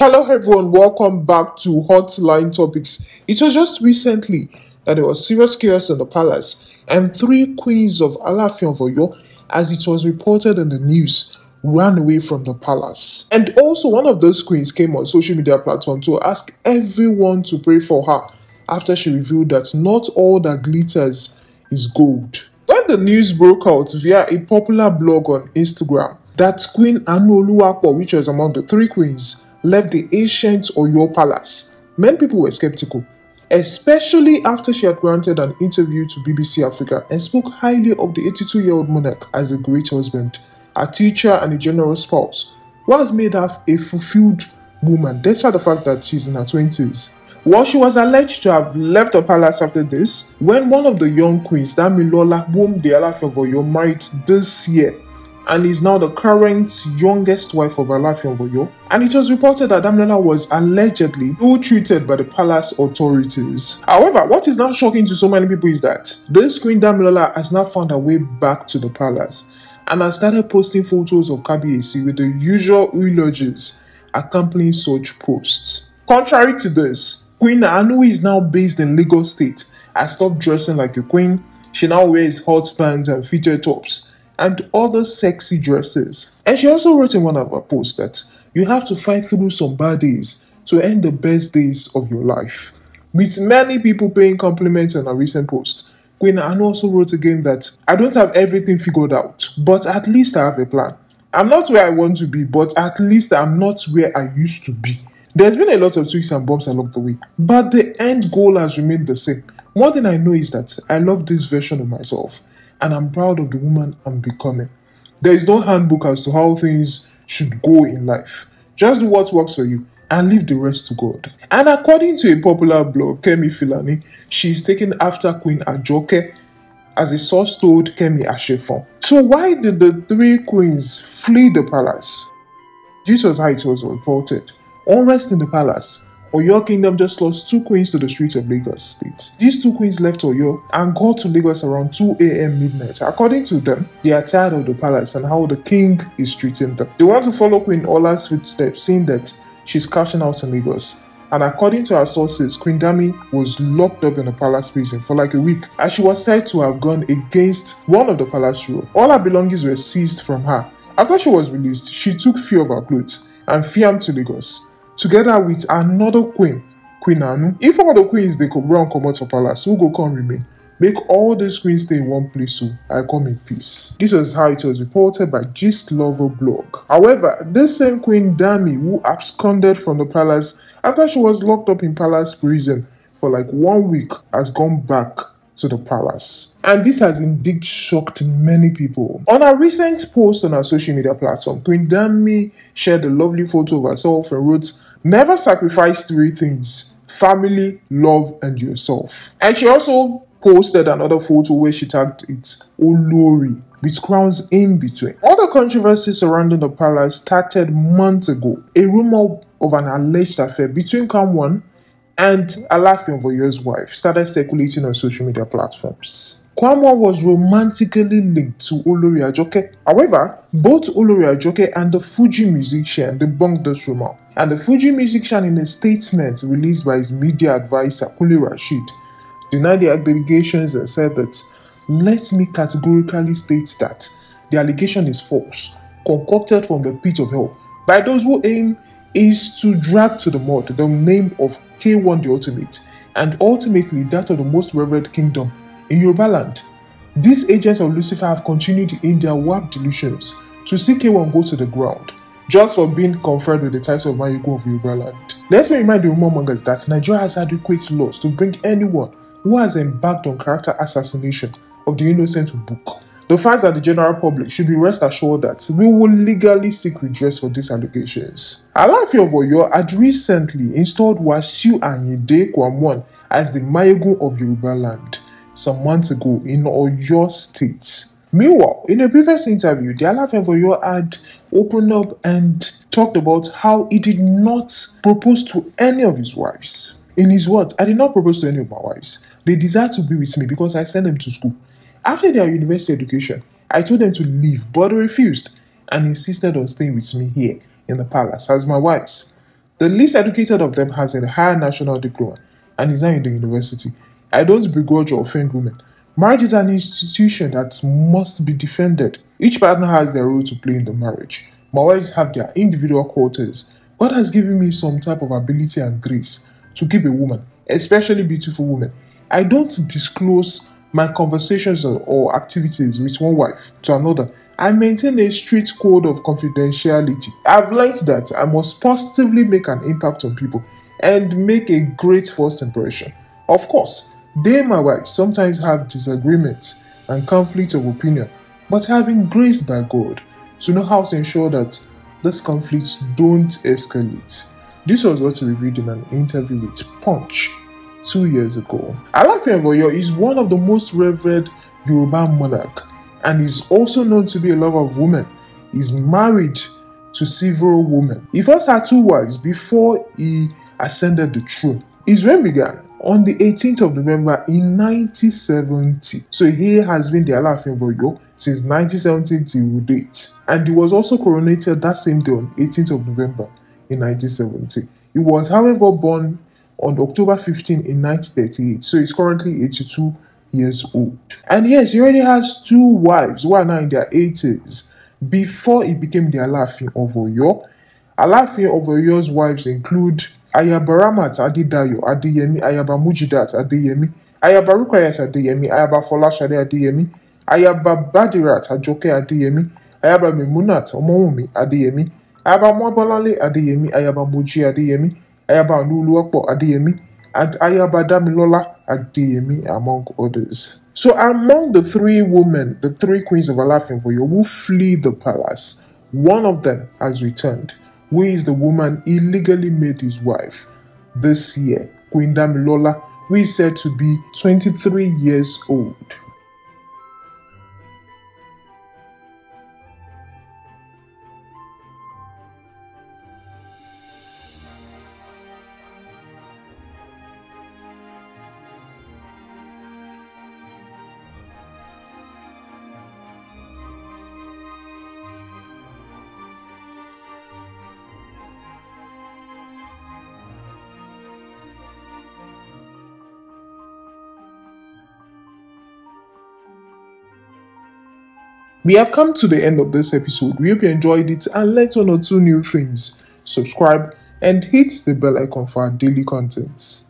Hello, everyone. Welcome back to Hotline Topics. It was just recently that there was serious chaos in the palace, and three queens of Alafion of as it was reported in the news, ran away from the palace. And also, one of those queens came on social media platform to ask everyone to pray for her after she revealed that not all that glitters is gold. When the news broke out via a popular blog on Instagram, that Queen Anu which was among the three queens, left the ancient Oyo Palace, many people were skeptical, especially after she had granted an interview to BBC Africa and spoke highly of the 82 year old monarch as a great husband, a teacher, and a generous spouse. What has made her a fulfilled woman, despite the fact that she's in her 20s. While well, she was alleged to have left the palace after this, when one of the young queens, Damilola Bumdeala Favoyo, married this year, and is now the current youngest wife of Alafion Boyo. And it was reported that Damilala was allegedly ill-treated by the palace authorities. However, what is now shocking to so many people is that this Queen Damilala has now found her way back to the palace and has started posting photos of Kabiesi with the usual eulogies accompanying such posts. Contrary to this, Queen Anui is now based in Lagos State I stopped dressing like a queen. She now wears hot pants and fitted tops and other sexy dresses. And she also wrote in one of her posts that you have to fight through some bad days to end the best days of your life. With many people paying compliments on her recent post, Queen Anne also wrote again that I don't have everything figured out, but at least I have a plan. I'm not where I want to be, but at least I'm not where I used to be. There's been a lot of tweaks and bumps along the way, but the end goal has remained the same. One thing I know is that I love this version of myself and I'm proud of the woman I'm becoming. There is no handbook as to how things should go in life. Just do what works for you and leave the rest to God. And according to a popular blog, Kemi Filani, she is taken after Queen Ajoke as a source told Kemi Ashefon. So why did the three queens flee the palace? This was how it was reported. Unrest in the palace. Oyo Kingdom just lost two queens to the streets of Lagos State. These two queens left Oyo and got to Lagos around 2 a.m. midnight. According to them, they are tired of the palace and how the king is treating them. They want to follow Queen Ola's footsteps, seeing that she's cashing out in Lagos and according to our sources, Queen Dami was locked up in the palace prison for like a week as she was said to have gone against one of the palace rules. All her belongings were seized from her. After she was released, she took few of her clothes and fiamed to Lagos together with another queen, Queen Anu. If all the queens they go run come out for palace, who go come remain? Make all the queens stay in one place so I come in peace. This was how it was reported by Gist Lover blog. However, this same Queen Dami who absconded from the palace after she was locked up in palace prison for like one week has gone back to the powers. And this has indeed shocked many people. On a recent post on her social media platform, Queen Dami shared a lovely photo of herself and wrote, Never sacrifice three things family, love, and yourself. And she also posted another photo where she tagged it Olori with crowns in between. All the controversy surrounding the palace started months ago. A rumor of an alleged affair between Kamwan and Alafin Voyo's wife started circulating on social media platforms. Kwamwa was romantically linked to Olori Ajoke. However, both Olori Ajoke and the Fuji musician debunked this rumor, and the Fuji musician, in a statement released by his media advisor Kuli Rashid, denied the allegations and said that, "Let me categorically state that the allegation is false, concocted from the pit of hell by those who aim is to drag to the mud the name of K1 the Ultimate and ultimately that of the most revered kingdom in Yoruba land. These agents of Lucifer have continued in their warped delusions to see K1 go to the ground just for being conferred with the title of Mayugo of Yoruba land. Let me remind the mongers that Nigeria has adequate laws to bring anyone who has embarked on character assassination of the innocent to book. The fans and the general public should be rest assured that we will legally seek redress for these allegations. Alaafin of Oyo had recently installed Wasiu Ayinde Kwamon as the Mayegun of Yoruba land some months ago in Oyo State. Meanwhile, in a previous interview, the Alaafin of Oyo had opened up and talked about how he did not propose to any of his wives. In his words, I did not propose to any of my wives. They desire to be with me because I sent them to school. After their university education, I told them to leave, but they refused and insisted on staying with me here in the palace as my wives. The least educated of them has a higher national diploma and is now in the university. I don't begrudge or offend women. Marriage is an institution that must be defended. Each partner has their role to play in the marriage. My wives have their individual quarters. God has given me some type of ability and grace to keep a woman, especially beautiful women. I don't disclose my conversations or activities with one wife to another. I maintain a strict code of confidentiality. I've learned that I must positively make an impact on people and make a great first impression. Of course, they and my wife sometimes have disagreements and conflicts of opinion, but having grace by God to know how to ensure that these conflicts don't escalate. This was what we read in an interview with Punch two years ago. Alaafin is one of the most revered Yoruba monarch and is also known to be a lover of women. He's married to several women. He first had two wives before he ascended the throne. His reign began on the 18th of November in 1970. So he has been the Alaafin since 1970 date. And he was also coronated that same day on 18th of November in 1970. He was, however, born on October 15 in 1938. So he's currently 82 years old. And yes, he already has two wives who are now in their 80s before he became the Alaafin of Oyo. laughing of Oyo's wives include Ayabaramat Adidayo Adedayo Adeyemi, Ayaba Mujidat Adeyemi, Ayaba Rukayat Adeyemi, Ayaba Folashade Adeyemi, Ayaba Badirat Ajoke Adeyemi, Ayaba Memunat Omowumi Adeyemi, Ayaba Mwabolanle Adeyemi, Ayaba Moji Adeyemi, Ayaba Luluokpo Adeyemi, and Ayaba Damilola Adeyemi, among others. So among the three women, the three queens of Alafin you who flee the palace, one of them has returned, who is the woman illegally made his wife this year, Queen Damilola, who is said to be 23 years old. We have come to the end of this episode. We hope you enjoyed it and learned one or two new things. Subscribe and hit the bell icon for our daily contents.